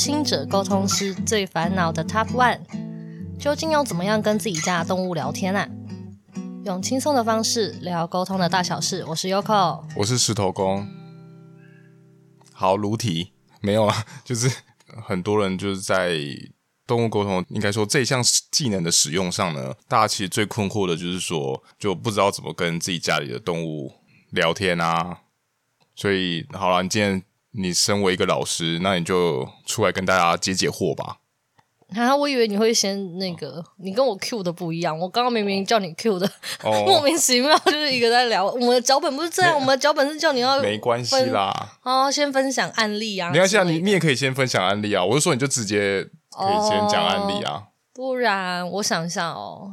心者溝通師最煩惱的 Top One，究竟要怎麼樣跟自己家的動物聊天啊？用輕鬆的方式聊溝通的大小事，我是 Yoko，我是石頭公。好，如題，沒有啊，就是很多人就是在動物溝通，應該說這項技能的使用上呢，大家其實最困惑的就是說，就不知道怎麼跟自己家裡的動物聊天啊。所以，好了，你今天。你身為一個老師，那你就出來跟大家解解惑吧。然後，啊，我以為你會先那個，你跟我 Q 的不一樣。我剛剛明明叫你 Q 的，哦、 莫名其妙就是一個在聊。我們的腳本不是這樣，我們的腳本是叫你要沒關係啦。啊、哦，先分享案例啊！你要這樣，你你也可以先分享案例啊。我就說，你就直接可以先講案例啊。哦、不然我想一下哦，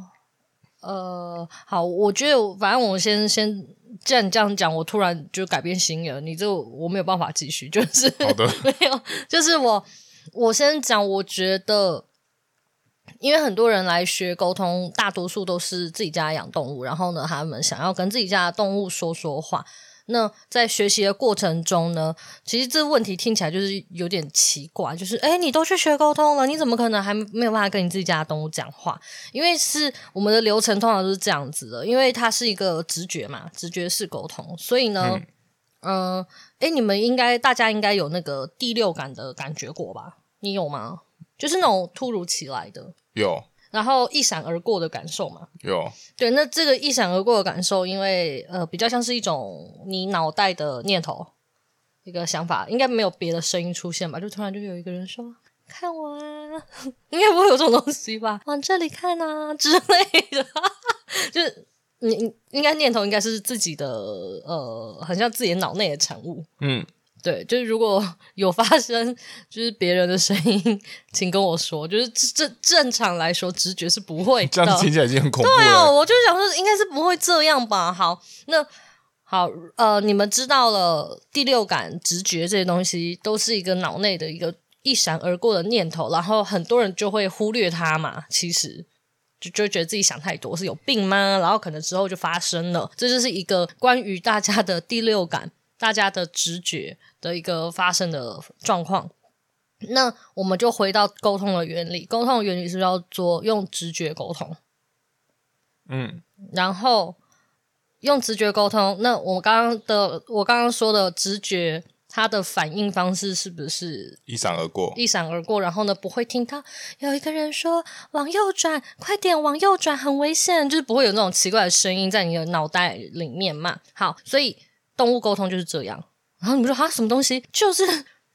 呃，好，我覺得反正我先先。既然你這樣講，我突然就改變心意了。你就我沒有辦法繼續，就是 沒有，就是我我先講。我覺得，因為很多人來學溝通，大多數都是自己家養動物，然後呢，他們想要跟自己家的動物說說話。那在學習的過程中呢，其實這問題聽起來就是有點奇怪，就是誒、欸，你都去學溝通了，你怎麼可能還沒有辦法跟你自己家的動物講話？因為是我們的流程通常都是這樣子的，因為它是一個直覺嘛，直覺式溝通。所以呢，嗯，誒、呃欸，你們應該大家應該有那個第六感的感覺過吧？你有嗎？就是那種突如其來的，有。然後一閃而過的感受嘛，喲，對，那這個一閃而過的感受，因為呃，比較像是一種你腦袋的念頭，一個想法，應該沒有別的聲音出現吧？就突然就有一個人說：“看我啊，應該不會有這種東西吧？”往這裡看吶、啊、之類的， 就是你應該念頭應該是自己的呃，很像自己腦內的產物，嗯。對，就是如果有發生，就是別人的聲音，請跟我說。就是正正常來說，直覺是不會。這樣聽起來就很恐怖了。對哦，我就想說，應該是不會這樣吧？好，那好，呃，你們知道了，第六感、直覺這些東西都是一個腦內的一個一閃而過的念頭，然後很多人就會忽略它嘛。其實就就覺得自己想太多，是有病嗎？然後可能之後就發生了，這就是一個關於大家的第六感。大家的直覺的一個發生的狀況，那我們就回到溝通的原理。溝通的原理是叫做用直覺溝通。嗯，然後用直覺溝通。那我剛剛的，我剛剛說的直覺，它的反應方式是不是一閃而過？一閃而過。而過，然後呢，不會聽到有一個人說“往右轉，快點往右轉，很危險”，就是不會有那種奇怪的聲音在你的腦袋裡面嘛。好，所以。動物溝通就是這樣，然後，啊，你們說啊什麼東西？就是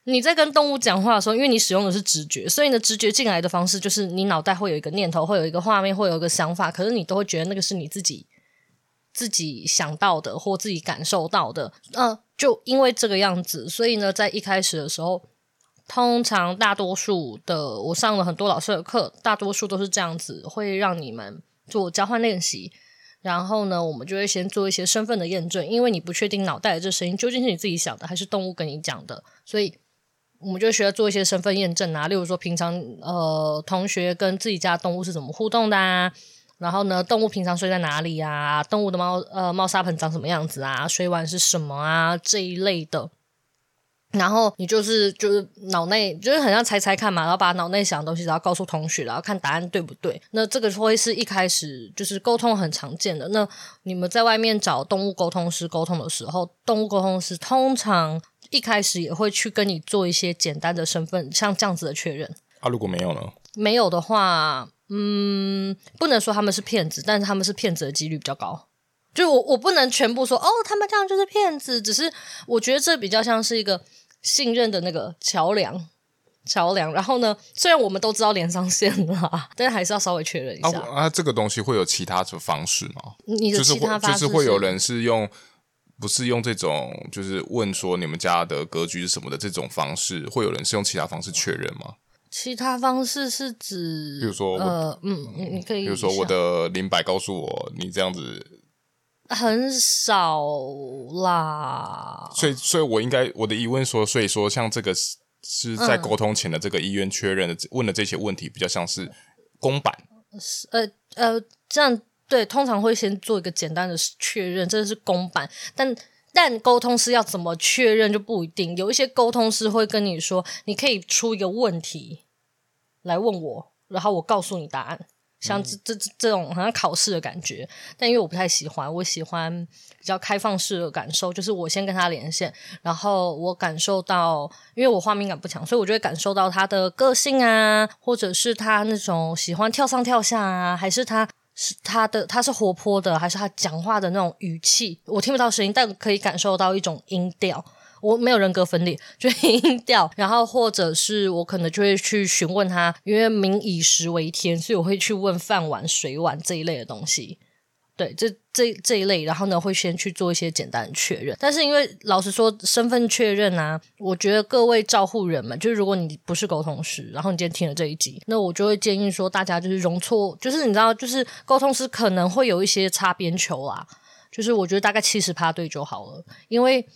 你在跟動物講話的時候，因為你使用的是直覺，所以你的直覺進來的方式就是你腦袋會有一個念頭，會有一個畫面，會有一個想法。可是你都會覺得那個是你自己自己想到的或自己感受到的。嗯、啊，就因為這個樣子，所以呢，在一開始的時候，通常大多數的，我上了很多老師的課，大多數都是這樣子，會讓你們做交換練習。然後呢，我們就會先做一些身份的驗證，因為你不確定腦袋的這聲音究竟是你自己想的還是動物跟你講的，所以我們就需要做一些身份驗證啊。例如說，平常呃同學跟自己家的動物是怎麼互動的啊？然後呢，動物平常睡在哪裡啊，動物的貓呃貓砂盆長什麼樣子啊？水碗是什麼啊？這一類的。然後你就是就是腦內就是很像猜猜看嘛，然後把腦內想的東西然後告訴同學，然後看答案對不對。那這個會是一開始就是溝通很常見的。那你們在外面找動物溝通師溝通的時候，動物溝通師通常一開始也會去跟你做一些簡單的身份像這樣子的確認。啊，如果沒有呢？沒有的話，嗯，不能說他們是騙子，但是他們是騙子的幾率比較高。就我我不能全部說哦，他們這樣就是騙子，只是我覺得這比較像是一個。信任的那個橋樑，橋樑。然後呢，雖然我們都知道連上線了，但還是要稍微確認一下啊。啊，這個東西會有其他的方式嗎？你是就是就是會有人是用，不是用這種，就是問說你們家的格局是什麼的這種方式，會有人是用其他方式確認嗎？其他方式是指，比如說，呃，嗯，你可以，比如說我的靈擺告訴我，你這樣子。很少啦，所以，所以我應該我的疑問說，所以說，像這個是在溝通前的這個意願確認的、嗯、問的這些問題，比較像是公版，呃呃，這樣對，通常會先做一個簡單的確認，這是公版，但但溝通師要怎麼確認就不一定，有一些溝通師會跟你說，你可以出一個問題來問我，然後我告訴你答案。像這這這種好像考試的感覺，但因為我不太喜歡，我喜歡比較開放式的感受。就是我先跟他連線，然後我感受到，因為我畫面感不強，所以我就會感受到他的個性啊，或者是他那種喜歡跳上跳下啊，還是他是他的，他是活潑的，還是他講話的那種語氣，我聽不到聲音，但可以感受到一種音調。我沒有人格分裂，就音調，然後或者是我可能就會去詢問他，因為民以食為天，所以我會去問飯碗、水碗這一類的東西。對，這這這一類，然後呢，會先去做一些簡單的確認。但是因為老實說，身份確認啊，我覺得各位照護人嘛，就是如果你不是溝通師，然後你今天聽了這一集，那我就會建議說，大家就是容錯，就是你知道，就是溝通師可能會有一些擦邊球啊，就是我覺得大概七十趴對就好了，因為。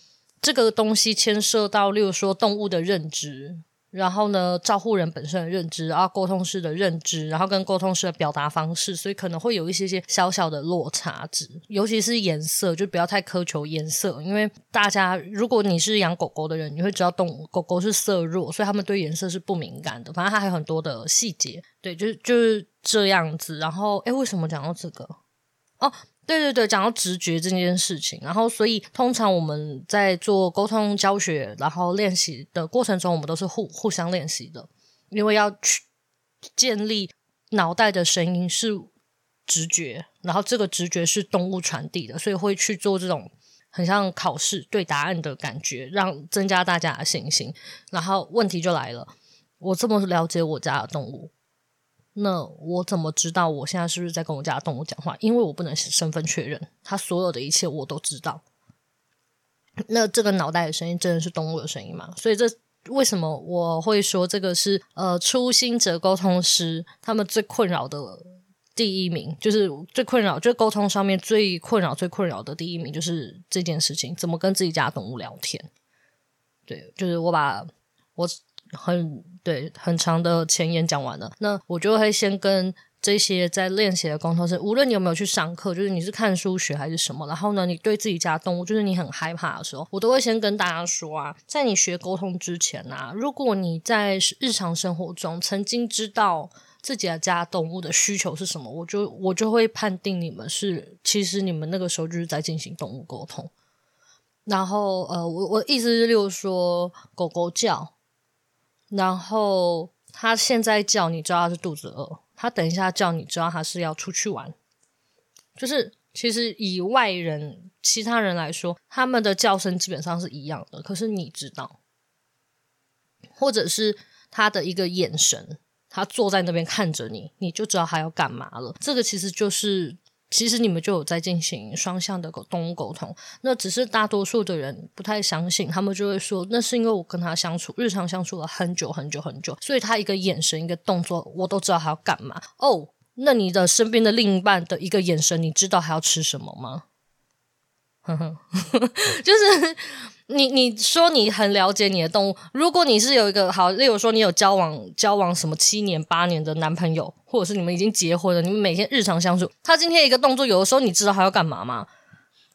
這個東西牽涉到，例如說動物的認知，然後呢，照護人本身的認知啊，然後溝通式的認知，然後跟溝通式的表達方式，所以可能會有一些些小小的落差值，尤其是顏色，就不要太苛求顏色，因為大家如果你是養狗狗的人，你會知道動物狗狗是色弱，所以他們對顏色是不敏感的，反正它還有很多的細節，對，就是就是這樣子。然後，誒為什麼講到這個？哦。對對對，講到直覺這件事情，然後所以通常我們在做溝通教學，然後練習的過程中，我們都是互互相練習的，因為要去建立腦袋的聲音是直覺，然後這個直覺是動物傳遞的，所以會去做這種很像考試對答案的感覺，讓增加大家的信心，然後問題就來了，我這麼了解我家的動物。那我怎麼知道我現在是不是在跟我家的動物講話？因為我不能身份確認，他所有的一切我都知道。那這個腦袋的聲音真的是動物的聲音嗎？所以這為什麼我會說這個是呃初心者溝通師他們最困擾的第一名，就是最困擾，就是溝通上面最困擾、最困擾的第一名就是這件事情，怎麼跟自己家的動物聊天？對，就是我把我很。對，很長的前言講完了，那我就會先跟這些在練習的溝通師，無論你有沒有去上課，就是你是看書學還是什麼，然後呢，你對自己家動物就是你很害怕的時候，我都會先跟大家說啊，在你學溝通之前啊，如果你在日常生活中曾經知道自己的家動物的需求是什麼，我就我就會判定你們是其實你們那個時候就是在進行動物溝通。然後呃，我我意思是，例如說狗狗叫。然後他現在叫你知道他是肚子餓，他等一下叫你知道他是要出去玩，就是其實以外人、其他人，來說，他們的叫聲基本上是一樣的，可是你知道，或者是他的一個眼神，他坐在那邊看着你，你就知道他要幹嘛了。這個其實就是。其實你們就有在進行雙向的溝動物溝通，那只是大多數的人不太相信，他們就會說那是因為我跟他相處，日常相處了很久很久很久，所以他一個眼神一個動作我都知道他要幹嘛哦。那你的身邊的另一半的一個眼神，你知道他要吃什麼嗎？呵呵，就是。你你說你很了解你的動物，如果你是有一個好，例如說你有交往交往什麼七年八年的男朋友，或者是你們已經結婚了，你們每天日常相處，他今天一個動作，有的時候你知道他要幹嘛嗎？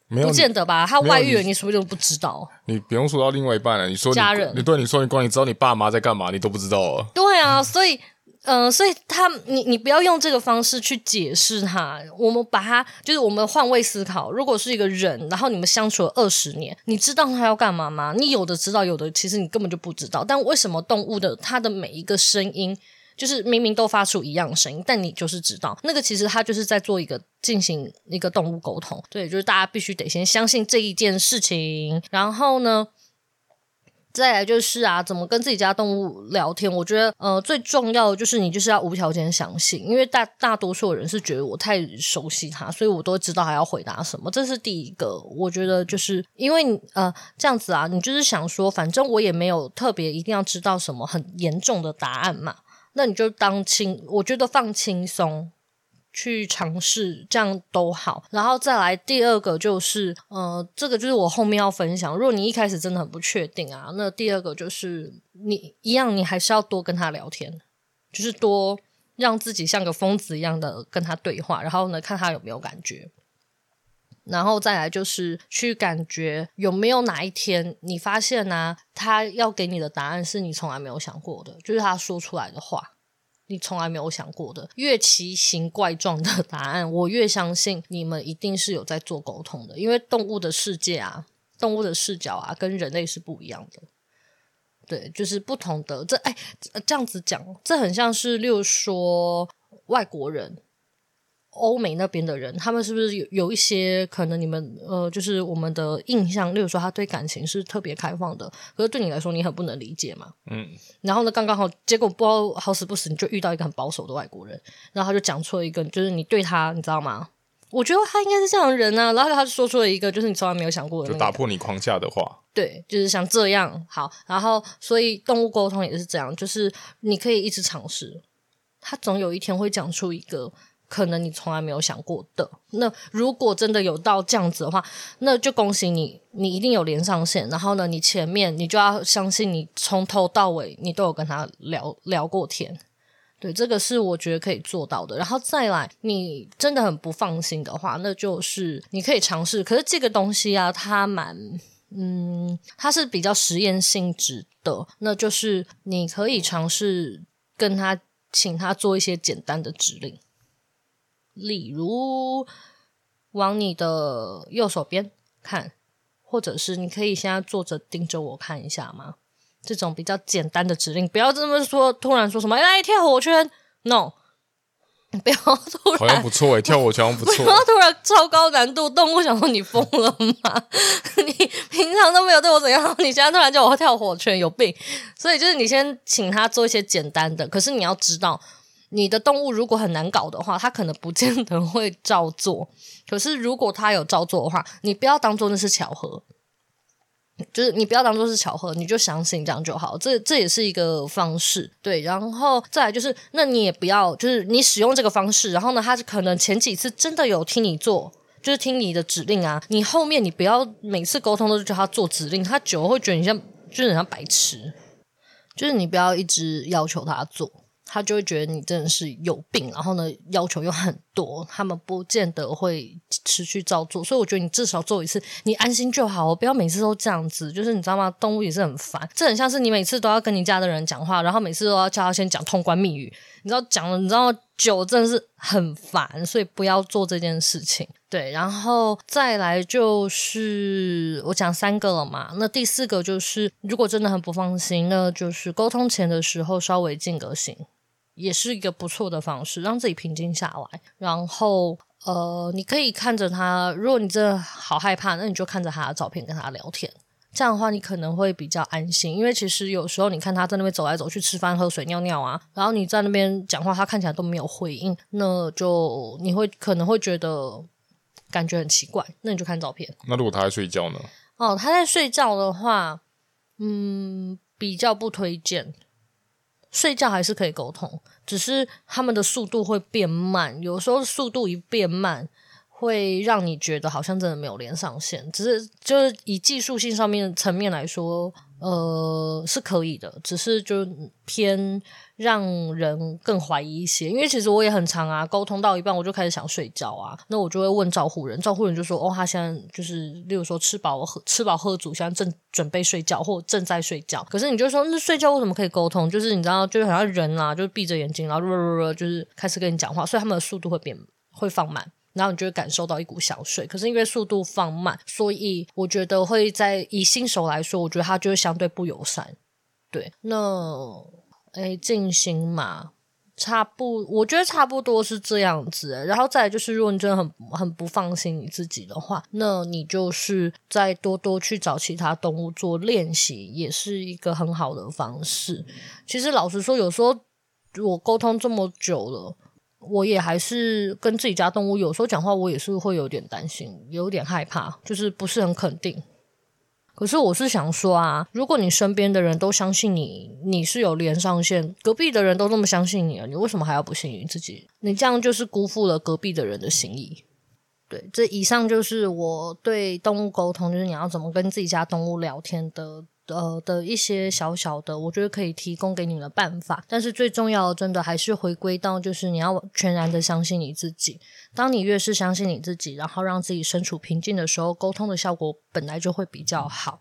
沒有，不見得吧？他外遇了，你什麼都不知道你。你不用說到另外一半了，你說你家人，你對你說你關，你知道你爸媽在幹嘛？你都不知道啊。對啊，所以。 嗯、呃，所以他，你你不要用這個方式去解釋他。我們把他，就是我們換位思考，如果是一個人，然後你們相處了二十年，你知道他要幹嘛嗎？你有的知道，有的其實你根本就不知道。但為什麼動物的它的每一個聲音，就是明明都發出一樣的聲音，但你就是知道，那個其實他就是在做一個進行一個動物溝通。對，就是大家必須得先相信這一件事情，然後呢？再來就是啊，怎麼跟自己家動物聊天？我覺得呃，最重要的就是你就是要無條件相信，因為大大多數人是覺得我太熟悉他，所以我都知道他要回答什麼。這是第一個，我覺得就是因為呃這樣子啊，你就是想說，反正我也沒有特別一定要知道什麼很嚴重的答案嘛，那你就當輕，我覺得放輕鬆。去嘗試，這樣都好。然後再來第二個，就是，呃，這個就是我後面要分享。如果你一開始真的很不確定啊，那第二個就是你一樣，你還是要多跟他聊天，就是多讓自己像個瘋子一樣的跟他對話，然後呢，看他有沒有感覺。然後再來就是去感覺有沒有哪一天，你發現呢、啊，他要給你的答案是你從來沒有想過的，就是他說出來的話。你從來沒有想過的，越奇形怪狀的答案，我越相信你們一定是有在做溝通的。因為動物的世界啊，動物的視角啊，跟人類是不一樣的。對，就是不同的。這哎，這樣子講，這很像是，例如說外國人。歐美那邊的人，他們是不是有有一些可能？你們呃，就是我們的印象，例如說，他對感情是特別開放的，可是對你來說，你很不能理解嘛。嗯。然後呢，剛剛好，結果不知道好死不死，你就遇到一個很保守的外國人，然後他就講出了一個，就是你對他，你知道嗎？我覺得他應該是這樣的人啊。然後他就說出了一個，就是你從來沒有想過的那個，就打破你框架的話。對，就是像這樣。好，然後所以動物溝通也是這樣，就是你可以一直嘗試，他總有一天會講出一個。可能你從來沒有想過的。那如果真的有到這樣子的話，那就恭喜你，你一定有連上線。然後呢，你前面你就要相信，你從頭到尾你都有跟他聊聊過天。對，這個是我覺得可以做到的。然後再來，你真的很不放心的話，那就是你可以嘗試。可是這個東西啊，它蠻，嗯，它是比較實驗性質的。那就是你可以嘗試跟他，請他做一些簡單的指令。例如，往你的右手邊看，或者是你可以現在坐着盯着我看一下嗎？這種比較簡單的指令，不要這麼說。突然說什麼來、欸、跳火圈？No，不要突然。好像不錯誒、欸，跳火圈不錯、欸。不要突然超高難度，動物想說你瘋了嗎？ 你平常都沒有對我怎樣，你現在突然叫我跳火圈，有病！所以就是你先請他做一些簡單的，可是你要知道。你的動物如果很難搞的話，它可能不見得會照做。可是如果它有照做的話，你不要當做那是巧合，就是你不要當做是巧合，你就相信這樣就好。這這也是一個方式，對。然後再來就是，那你也不要就是你使用這個方式，然後呢，它可能前幾次真的有聽你做，就是聽你的指令啊。你後面你不要每次溝通都是叫他做指令，他久了會覺得你像就是你像白癡，就是你不要一直要求他做。他就會覺得你真的是有病，然後呢，要求又很多，他們不見得會持續照做，所以我覺得你至少做一次，你安心就好，不要每次都這樣子。就是你知道嗎？動物也是很煩，這很像是你每次都要跟你家的人講話，然後每次都要叫他先講通關密語，你知道講了，你知道久真的是很煩，所以不要做這件事情。對，然後再來就是我講三個了嘛，那第四個就是如果真的很不放心，那就是溝通前的時候稍微間隔性，也是一個不錯的方式，讓自己平靜下來。然後，呃，你可以看着他。如果你真的好害怕，那你就看着他的照片跟他聊天。這樣的話，你可能會比較安心。因為其實有時候你看他在那邊走來走去、吃飯、喝水、尿尿啊，然後你在那邊講話，他看起來都沒有回應，那就你會可能會覺得感覺很奇怪。那你就看照片。那如果他在睡覺呢？哦，他在睡覺的話，嗯，比較不推薦。睡覺還是可以溝通，只是他們的速度會變慢。有時候速度一變慢，會讓你覺得好像真的沒有連上線。只是就是以技術性上面的層面來說。呃，是可以的，只是就偏讓人更懷疑一些。因為其實我也很常啊，溝通到一半我就開始想睡覺啊，那我就會問照護人，照護人就說哦，他現在就是，例如說吃飽喝吃飽喝足，現在正準備睡覺或正在睡覺。可是你就說那、嗯、睡覺為什麼可以溝通？就是你知道，就是好像人啊，就閉着眼睛，然後呃呃呃呃就是開始跟你講話，所以他們的速度會變，會放慢。然後你就會感受到一股香水，可是因為速度放慢，所以我覺得會在以新手來說，我覺得它就是相對不友善。對，那哎，進行嘛，差不，我覺得差不多是這樣子。然後再來就是，如果你真的很很不放心你自己的話，那你就是再多多去找其他動物做練習，也是一個很好的方式。其實老實說，有時候我溝通這麼久了。我也還是跟自己家動物有時候講話，我也是會有點擔心，有點害怕，就是不是很肯定。可是我是想說啊，如果你身邊的人都相信你，你是有連上線，隔壁的人都那麼相信你了啊，你為什麼還要不信你自己？你這樣就是辜負了隔壁的人的心意。對，這以上就是我對動物溝通，就是你要怎麼跟自己家動物聊天的。呃的一些小小的，我覺得可以提供給你們的辦法，但是最重要的，真的還是回歸到就是你要全然的相信你自己。當你越是相信你自己，然後讓自己身處平靜的時候，溝通的效果本來就會比較好。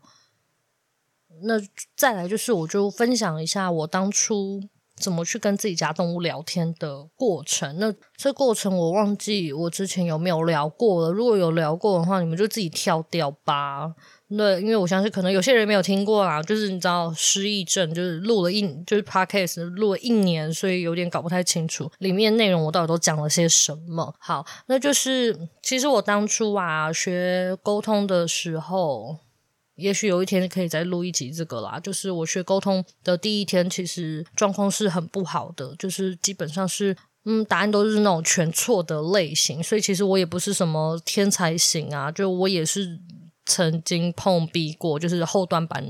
那再來就是，我就分享一下我當初怎麼去跟自己家動物聊天的過程。那這過程我忘記我之前有沒有聊過了。如果有聊過的話，你們就自己跳掉吧。那因為我相信，可能有些人沒有聽過啊，就是你知道失憶症，就是錄了一就是 Podcast 錄了一年，所以有點搞不太清楚裡面內容，我到底都講了些什麼。好，那就是其實我當初啊學溝通的時候，也許有一天可以再錄一集這個啦。就是我學溝通的第一天，其實狀況是很不好的，就是基本上是嗯答案都是那種全錯的類型，所以其實我也不是什麼天才型啊，就我也是。曾經碰壁過，就是後段班，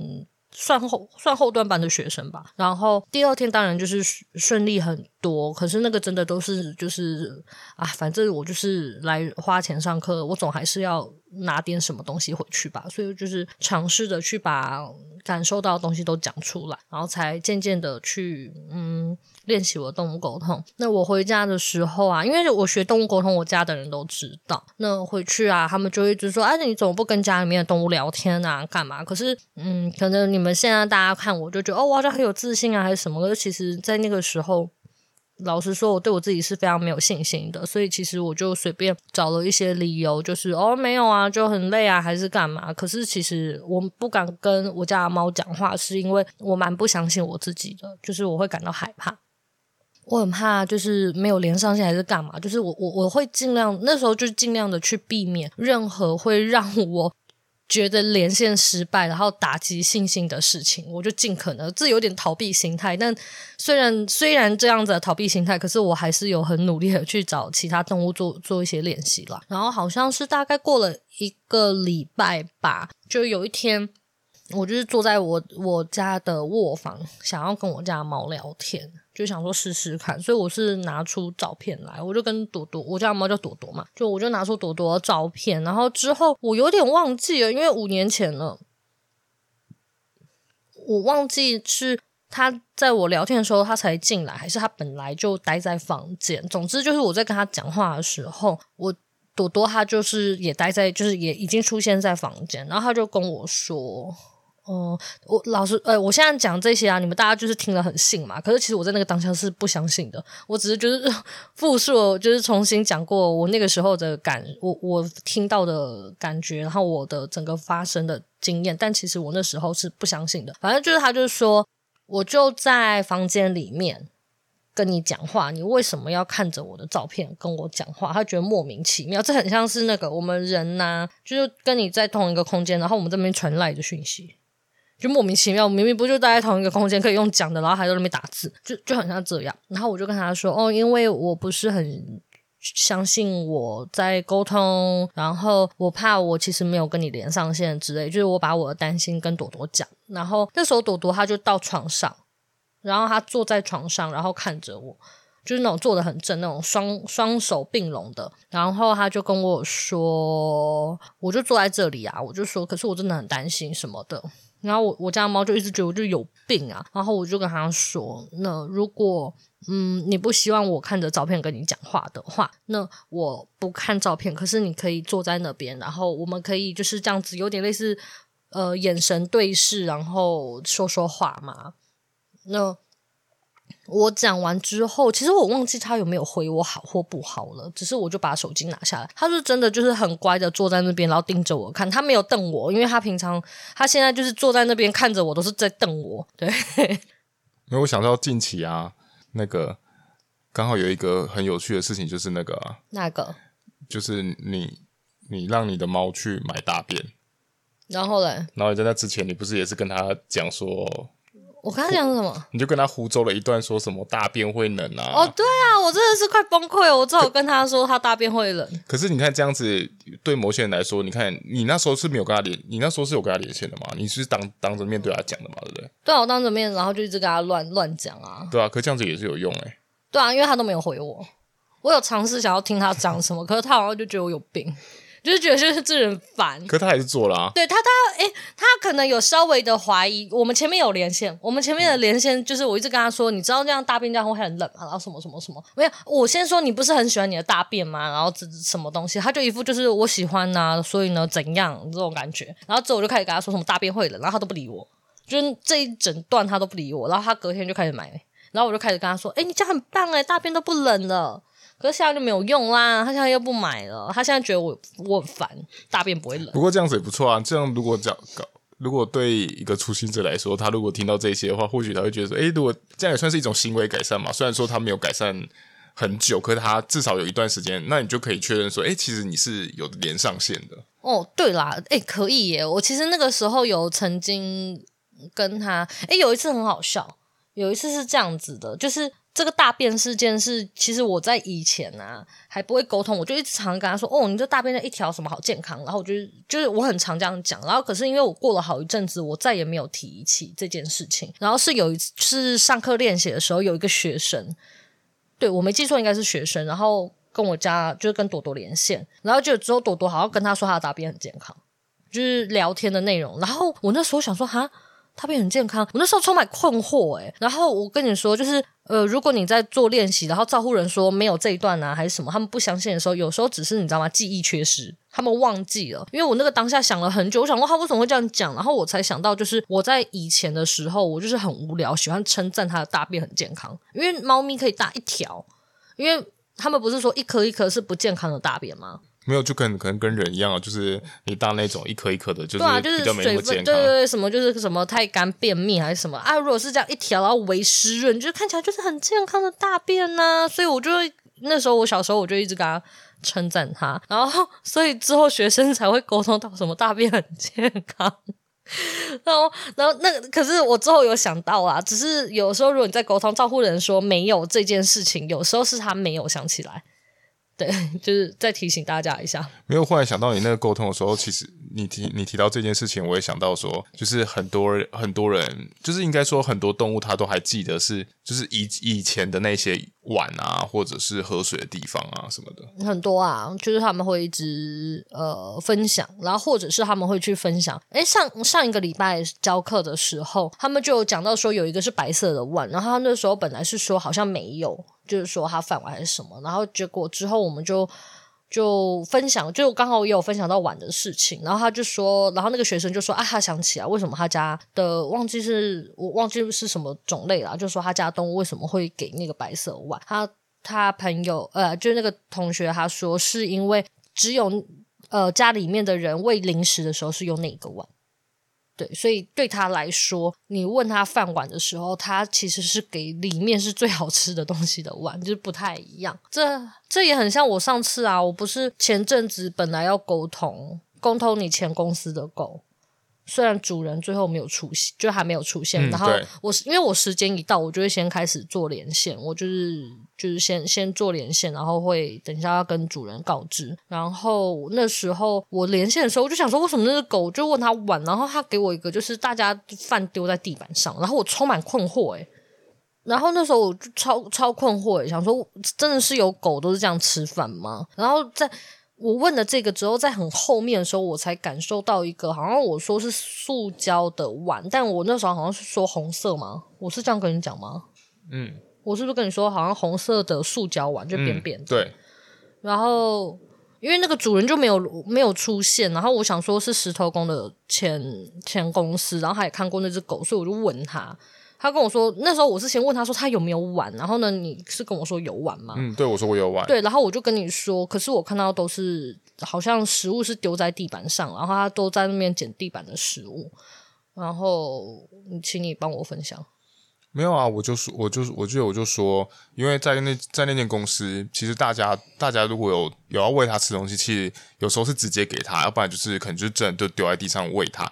算後算後段班的學生吧。然後第二天當然就是順利很多，可是那個真的都是就是啊，反正我就是來花錢上課，我總還是要拿點什麼東西回去吧。所以就是嘗試着去把感受到的東西都講出來，然後才漸漸的去嗯。練習我的動物溝通。那我回家的時候啊，因為我學動物溝通，我家的人都知道。那回去啊，他們就一直說：“啊，你怎麼不跟家裡面的動物聊天啊，幹嘛？”可是，嗯，可能你們現在大家看我，就覺得哦，我好像很有自信啊，還是什麼的，其實，在那個時候，老實說，我對我自己是非常沒有信心的。所以，其實我就隨便找了一些理由，就是哦，沒有啊，就很累啊，還是幹嘛？可是，其實我不敢跟我家的貓講話，是因為我蠻不相信我自己的，就是我會感到害怕。我很怕就是沒有連上線還是幹嘛，就是我我我會盡量那時候就盡量的去避免任何會讓我覺得連線失敗然後打擊信心的事情，我就盡可能，這有點逃避心態，但雖然雖然這樣子的逃避心態，可是我還是有很努力的去找其他動物做做一些練習啦。然後好像是大概過了一個禮拜吧，就有一天我就是坐在我我家的臥房，想要跟我家貓聊天。就想說試試看，所以我是拿出照片來，我就跟朵朵，我家貓叫朵朵嘛，就我就拿出朵朵的照片，然後之後我有點忘記了，因為五年前了，我忘記是它在我聊天的時候它才進來，還是它本來就待在房間。總之就是我在跟他講話的時候，我朵朵它就是也待在，就是也已經出現在房間，然後它就跟我說。哦、嗯，我老師，呃、欸，我現在講這些啊，你們大家就是聽了很信嘛。可是其實我在那個當下是不相信的，我只是就是複述，就是重新講過我那個時候的感，我我聽到的感覺，然後我的整個發生的經驗。但其實我那時候是不相信的。反正就是他就是說，我就在房間裡面跟你講話，你為什麼要看着我的照片跟我講話？他覺得莫名其妙。這很像是那個我們人吶、啊，就是跟你在同一個空間，然後我們這邊傳來一個訊息，就莫名其妙，我明明不就待在同一個空間，可以用講的，然後還在那邊打字，就就很像這樣。然後我就跟他說：“哦，因為我不是很相信我在溝通，然後我怕我其實沒有跟你連上線之類。”就是我把我的擔心跟朵朵講。然後那時候朵朵他就到床上，然後他坐在床上，然後看着我，就是那種坐得很正，那種雙雙手並攏的。然後他就跟我說：“我就坐在這裡啊，我就說，可是我真的很擔心什麼的。”然後我我家的貓就一直覺得我就有病啊，然後我就跟它說：那如果嗯你不希望我看着照片跟你講話的話，那我不看照片，可是你可以坐在那邊，然後我們可以就是這樣子有點類似呃眼神對視，然後說說話嘛，那。我講完之後，其實我忘記他有沒有回我好或不好了。只是我就把手機拿下來，他是真的就是很乖的坐在那邊，然後盯着我看。他沒有瞪我，因為他平常他現在就是坐在那邊看着我，都是在瞪我。對，因為我想到近期啊，那個剛好有一個很有趣的事情，就是那個、啊、那個，就是你你讓你的貓去買大便，然後呢？然後你在那之前，你不是也是跟他講說？我跟他講什麼？哦，你就跟他胡謅了一段，說什麼大便會冷啊？哦，對啊，我真的是快崩潰了，我只好跟他說他大便會冷。可、可是你看這樣子，對某些人來說，你看你那時候是沒有跟他連，你那時候是有跟他連線的嘛？你是當當着面對他講的嘛？對不對？對啊，我當着面，然後就一直跟他亂亂講啊。對啊，可這樣子也是有用欸。對啊，因為他都沒有回我，我有嘗試想要聽他講什麼， 可是他好像就覺得我有病。就是覺得就是這人煩，可他還是做了啊。對他，他哎、欸，他可能有稍微的懷疑。我們前面有連線，我們前面的連線就是我一直跟他說，嗯、你知道那樣大便這樣會很冷啊，然後什麼什麼什麼沒有。我先說你不是很喜歡你的大便嗎？然後這什麼東西，他就一副就是我喜歡吶、啊，所以呢怎樣這種感覺。然後之後我就開始跟他說什麼大便會冷，然後他都不理我，就是這一整段他都不理我。然後他隔天就開始買，然後我就開始跟他說，哎、欸，你這樣很棒哎、欸，大便都不冷了。可是現在就沒有用啦，他現在又不買了，他現在覺得我我很煩，大便不會冷。不過這樣子也不錯啊，這樣如果講，如果對一個初心者來說，他如果聽到這些的話，或許他會覺得說，誒，如果這樣也算是一種行為改善嘛。雖然說他沒有改善很久，可是他至少有一段時間，那你就可以確認說，誒，其實你是有連上線的。哦，對啦，誒，可以耶，我其實那個時候有曾經跟他，誒，有一次很好笑，有一次是這樣子的，就是。這個大便事件是，其實我在以前啊還不會溝通，我就一直常跟他說，哦，你這大便的一條什麼好健康，然後我就，就是我很常這樣講，然後可是因為我過了好一陣子，我再也沒有提起這件事情。然後是有一次是上課練習的時候，有一個學生，對，我沒記錯應該是學生，然後跟我家就是跟朵朵連線，然後就之後朵朵好像跟他說他的大便很健康，就是聊天的內容。然後我那時候想說，哈。大便很健康，我那時候充滿困惑誒、欸。然後我跟你說，就是呃，如果你在做練習，然後照護人說沒有這一段啊，還是什麼，他們不相信的時候，有時候只是你知道嗎？記憶缺失，他們忘記了。因為我那個當下想了很久，我想問他為什麼會這樣講，然後我才想到，就是我在以前的時候，我就是很無聊，無聊喜歡稱讚他的大便很健康，因為貓咪可以大一條，因為他們不是說一顆一顆是不健康的大便嗎？沒有，就跟可,可能跟人一樣，就是你大那種一顆一顆的，就是比較沒那麼健康對,、啊就是、對對,對什麼就是什麼太乾便秘還是什麼啊？如果是這樣一條，然後微濕潤，就是看起來就是很健康的大便呢、啊。所以我就那時候我小時候我就一直給他稱讚他，然後所以之後學生才會溝通到什麼大便很健康。然後然後那可是我之後有想到啊，只是有時候如果你在溝通，照顧人說沒有這件事情，有時候是他沒有想起來。對，就是再提醒大家一下。沒有，忽然想到你那個溝通的時候，其實你提你提到這件事情，我也想到說，就是很多人很多人，就是應該說很多動物，它都還記得是，就是以以前的那些碗啊，或者是喝水的地方啊什麼的，很多啊，就是他們會一直呃分享，然後或者是他們會去分享。誒，上上一個禮拜教課的時候，他們就講到說有一個是白色的碗，然後他那時候本來是說好像沒有。就是說他飯碗還是什麼，然後結果之後我們就就分享，就剛好也有分享到碗的事情，然後他就說，然後那個學生就說啊，他想起來為什麼他家的忘記是我忘記是什麼種類啦，就說他家動物為什麼會給那個白色碗，他他朋友呃，就那個同學他說是因為只有呃家裡面的人餵零食的時候是用那個碗。所以對他來說，你問他飯碗的時候，他其實是給裡面是最好吃的東西的碗，就是不太一樣。這這也很像我上次啊，我不是前陣子本來要溝通，溝通你前公司的狗。雖然主人最後沒有出現，就還沒有出現。嗯、然後我因為我時間一到，我就會先開始做連線，我就是就是先先做連線，然後會等一下要跟主人告知。然後那時候我連線的時候，我就想說，為什麼那只狗就問他碗，然後他給我一個就是大家飯丟在地板上，然後我充滿困惑誒、欸，然後那時候我就超超困惑、欸、想說真的是有狗都是這樣吃飯嗎？然後在。我問了這個之後，在很後面的時候，我才感受到一個，好像我說是塑膠的碗，但我那時候好像是說紅色嗎？我是這樣跟你講嗎？嗯，我是不是跟你說好像紅色的塑膠碗就扁扁的、嗯？對。然後，因為那個主人就沒有沒有出現，然後我想說是石頭工的前前公司，然後他也看過那隻狗，所以我就問他。他跟我說，那時候我是先問他說他有沒有碗，然後呢，你是跟我說有碗嗎？嗯，對，我說我有碗。對，然後我就跟你說，可是我看到都是好像食物是丟在地板上，然後他都在那邊撿地板的食物。然後，請你幫我分享。沒有啊，我就說，我就，我就，我就,我就,我就,我就說，因為在那在那間公司，其實大家大家如果有有要餵他吃東西，其實有時候是直接給他，要不然就是可能就是真的就丟在地上餵他。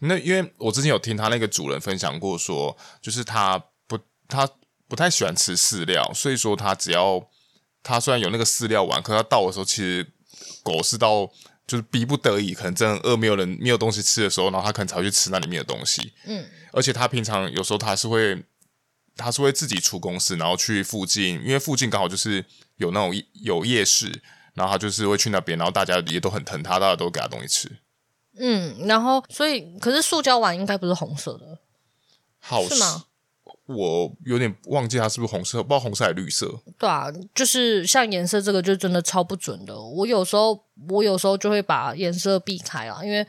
那因為我之前有聽他那個主人分享過說，說就是他不他不太喜歡吃飼料，所以說他只要他雖然有那個飼料碗，可他到的時候，其實狗是到就是逼不得已，可能真的餓，沒有人沒有東西吃的時候，然後他可能才會去吃那裡面的東西。嗯，而且他平常有時候他是會他是會自己出公司，然後去附近，因為附近剛好就是有那種有夜市，然後他就是會去那邊，然後大家也都很疼他，大家都給他東西吃。嗯，然後所以可是塑膠碗應該不是紅色的，好是嗎？我有點忘記它是不是紅色，不知道紅色還是綠色。對啊，就是像顏色這個就真的超不準的。我有時候我有時候就會把顏色避開啊，因為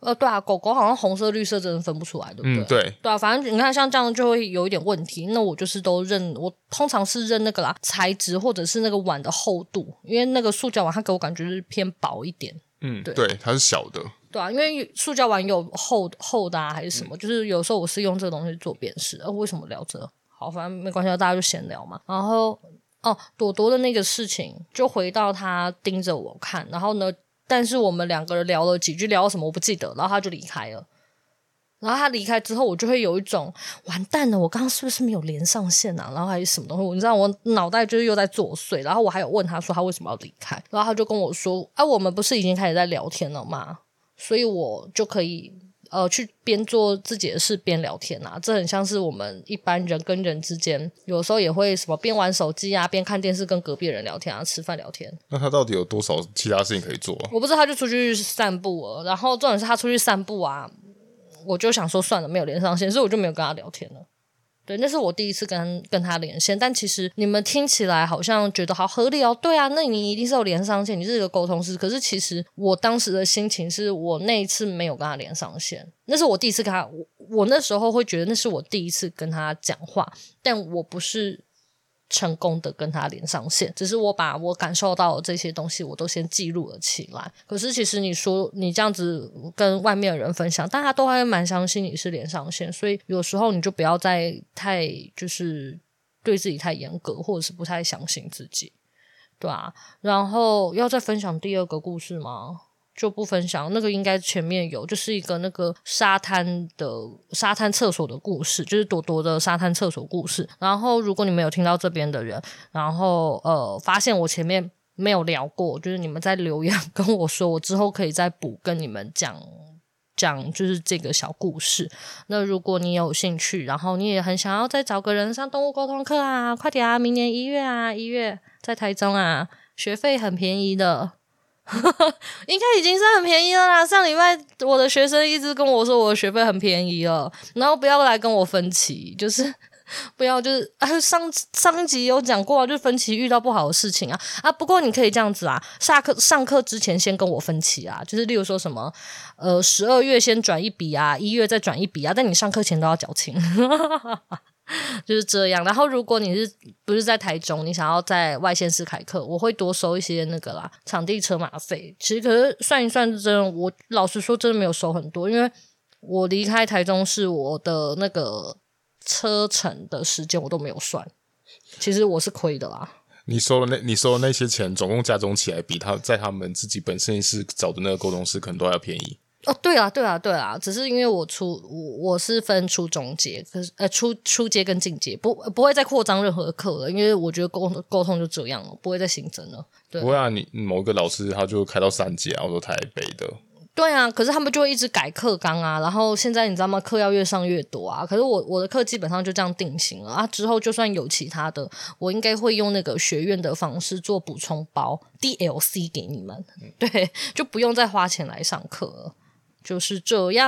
呃對啊，狗狗好像紅色綠色真的分不出來，對不對？嗯，對，對啊，反正你看像這樣就會有一點問題。那我就是都認我通常是認那個啦，材質或者是那個碗的厚度，因為那個塑膠碗它給我感覺是偏薄一點。嗯，對。對，它是小的。對啊，因為塑膠碗有厚厚的還是什麼，就是有時候我是用這個東西做辨識啊，為什麼聊這個？好，反正沒關係，大家就閒聊嘛。然後哦，朵朵的那個事情，就回到他盯着我看，然後呢，但是我們兩個人聊了幾句，聊什麼我不記得。然後他就離開了。然後他離開之後，我就會有一種完蛋了，我剛剛是不是沒有連上線啊？然後還是什麼東西？我你知道，我腦袋就是又在作祟。然後我還有問他說他為什麼要離開，然後他就跟我說：“啊，我們不是已經開始在聊天了嗎？”所以我就可以呃去邊做自己的事邊聊天啊，這很像是我們一般人跟人之間，有時候也會什麼邊玩手機啊邊看電視跟隔壁的人聊天啊，吃飯聊天。那他到底有多少其他事情可以做啊？我不知道，他就出去散步了。然後重點是他出去散步啊，我就想說算了，沒有連上線，所以我就沒有跟他聊天了。對，那是我第一次跟跟他連線，但其實你們聽起來好像覺得好合理哦。對啊，那你一定是有連上線，你是一個溝通師。可是其實我當時的心情是，我那一次沒有跟他連上線，那是我第一次跟他，我我那時候會覺得那是我第一次跟他講話，但我不是成功的跟他連上線，只是我把我感受到這些東西，我都先記錄了起來。可是其實你說你這樣子跟外面的人分享，大家都還蠻相信你是連上線，所以有時候你就不要再太就是對自己太嚴格，或者是不太相信自己。對啊，然後要再分享第二個故事嗎？就不分享那個，應該前面有，就是一個那個沙灘的沙灘廁所的故事，就是朵朵的沙灘廁所故事。然後，如果你們有聽到這邊的人，然後呃，發現我前面沒有聊過，就是你們在留言跟我說，我之後可以再補跟你們講講，就是這個小故事。那如果你有興趣，然後你也很想要再找個人上動物溝通課啊，快點啊，明年一月啊，一月在台中啊，學費很便宜的。 應該已經是很便宜了啦。上禮拜我的學生一直跟我說我的學費很便宜了，然後不要來跟我分期，就是不要就是啊。上上一集有講過，就是分期遇到不好的事情啊啊，不過你可以這樣子啊，下課上課之前先跟我分期啊，就是例如說什麼呃十二月，先轉一筆啊，一月再轉一筆啊，但你上課前都要繳清。 就是這樣。然後，如果你是不是在台中，你想要在外縣市開課，我會多收一些那個啦，場地車馬費。其實，可是算一算，真的，我老實說，真的沒有收很多，因為我離開台中，是我的那個車程的時間我都沒有算。其實我是虧的啦。你收了，那，你收的那些錢，總共加總起來，比他在他們自己本身是找的那個溝通師，可能都還要便宜。哦，對啊，對啊，對啊，只是因為我初我我是分初中階，可是呃，初初階跟進階不不會再擴張任何課了，因為我覺得溝溝通就這樣了，不會再新增了對、啊。不會啊，你某個老師他就開到三階，然後我都台北的。對啊，可是他們就會一直改課綱啊，然後現在你知道嗎？課要越上越多啊。可是我我的課基本上就這樣定型了啊，之後就算有其他的，我應該會用那個學院的方式做補充包 DLC 給你們，對，就不用再花錢來上課了。就是這樣。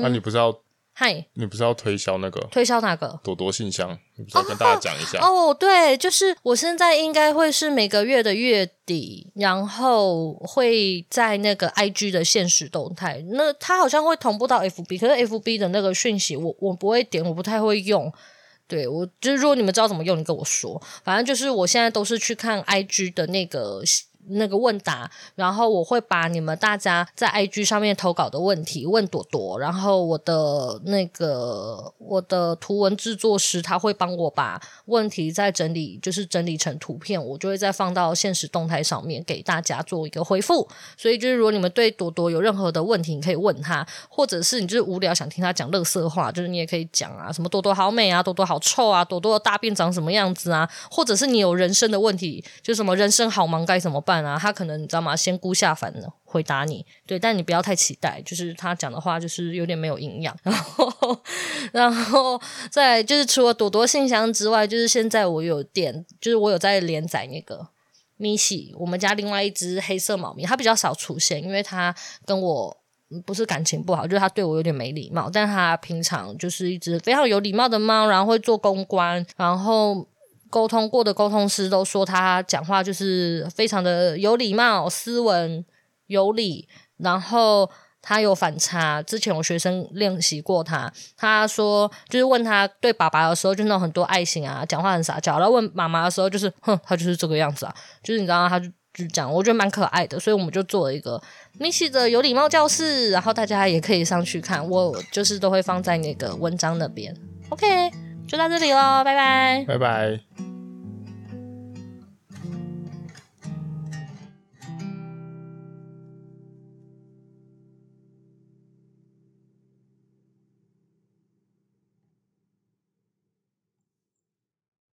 那、啊、你不是要？嗨？你不是要推銷那個？推銷哪個？朵朵信箱，你不是要跟大家講一下？哦、oh, oh.，oh, 對，就是我現在應該會是每個月的月底，然後會在那個 I G 的限時動態。那它好像會同步到 F B，可是 F B 的那個訊息我，我我不會點，我不太會用。對，我就是，如果你們知道怎麼用，你跟我說。反正就是，我現在都是去看 I G 的那個那個問答，然後我會把你們大家在 IG 上面投稿的問題問朵朵，然後我的那個我的圖文制作師他會幫我把問題再整理，就是整理成圖片，我就會再放到限時動態上面給大家做一個回覆。所以就是如果你們對朵朵有任何的問題，你可以問他，或者是你就是無聊想聽他講垃圾話，就是你也可以講啊，什麼朵朵好美啊，朵朵好臭啊，朵朵的大便長什麼樣子啊，或者是你有人生的問題，就什麼人生好忙該怎麼辦？啊，他可能你知道嗎？仙姑下凡了回答你，對，但你不要太期待，就是他講的話就是有點沒有營養。 然後，然後再就是除了朵朵信箱之外，就是現在我有點，就是我有在連載那個米西，我們家另外一隻黑色貓咪，它比較少出現，因為它跟我不是感情不好，就是它對我有點沒禮貌，但它平常就是一隻非常有禮貌的貓，然後會做公關，然後。溝通過的溝通師都說他講話就是非常的有禮貌、斯文、有禮，然後他有反差。之前我學生練習過他，他說就是問他對爸爸的時候就那種很多愛心啊，講話很撒嬌；然後問媽媽的時候就是哼，他就是這個樣子啊，就是你知道他就就講，我覺得蠻可愛的，所以我們就做了一個 Miss 的有禮貌教室，然後大家也可以上去看，我就是都會放在那個文章那邊，OK。就到這裡嘍，拜拜，拜拜。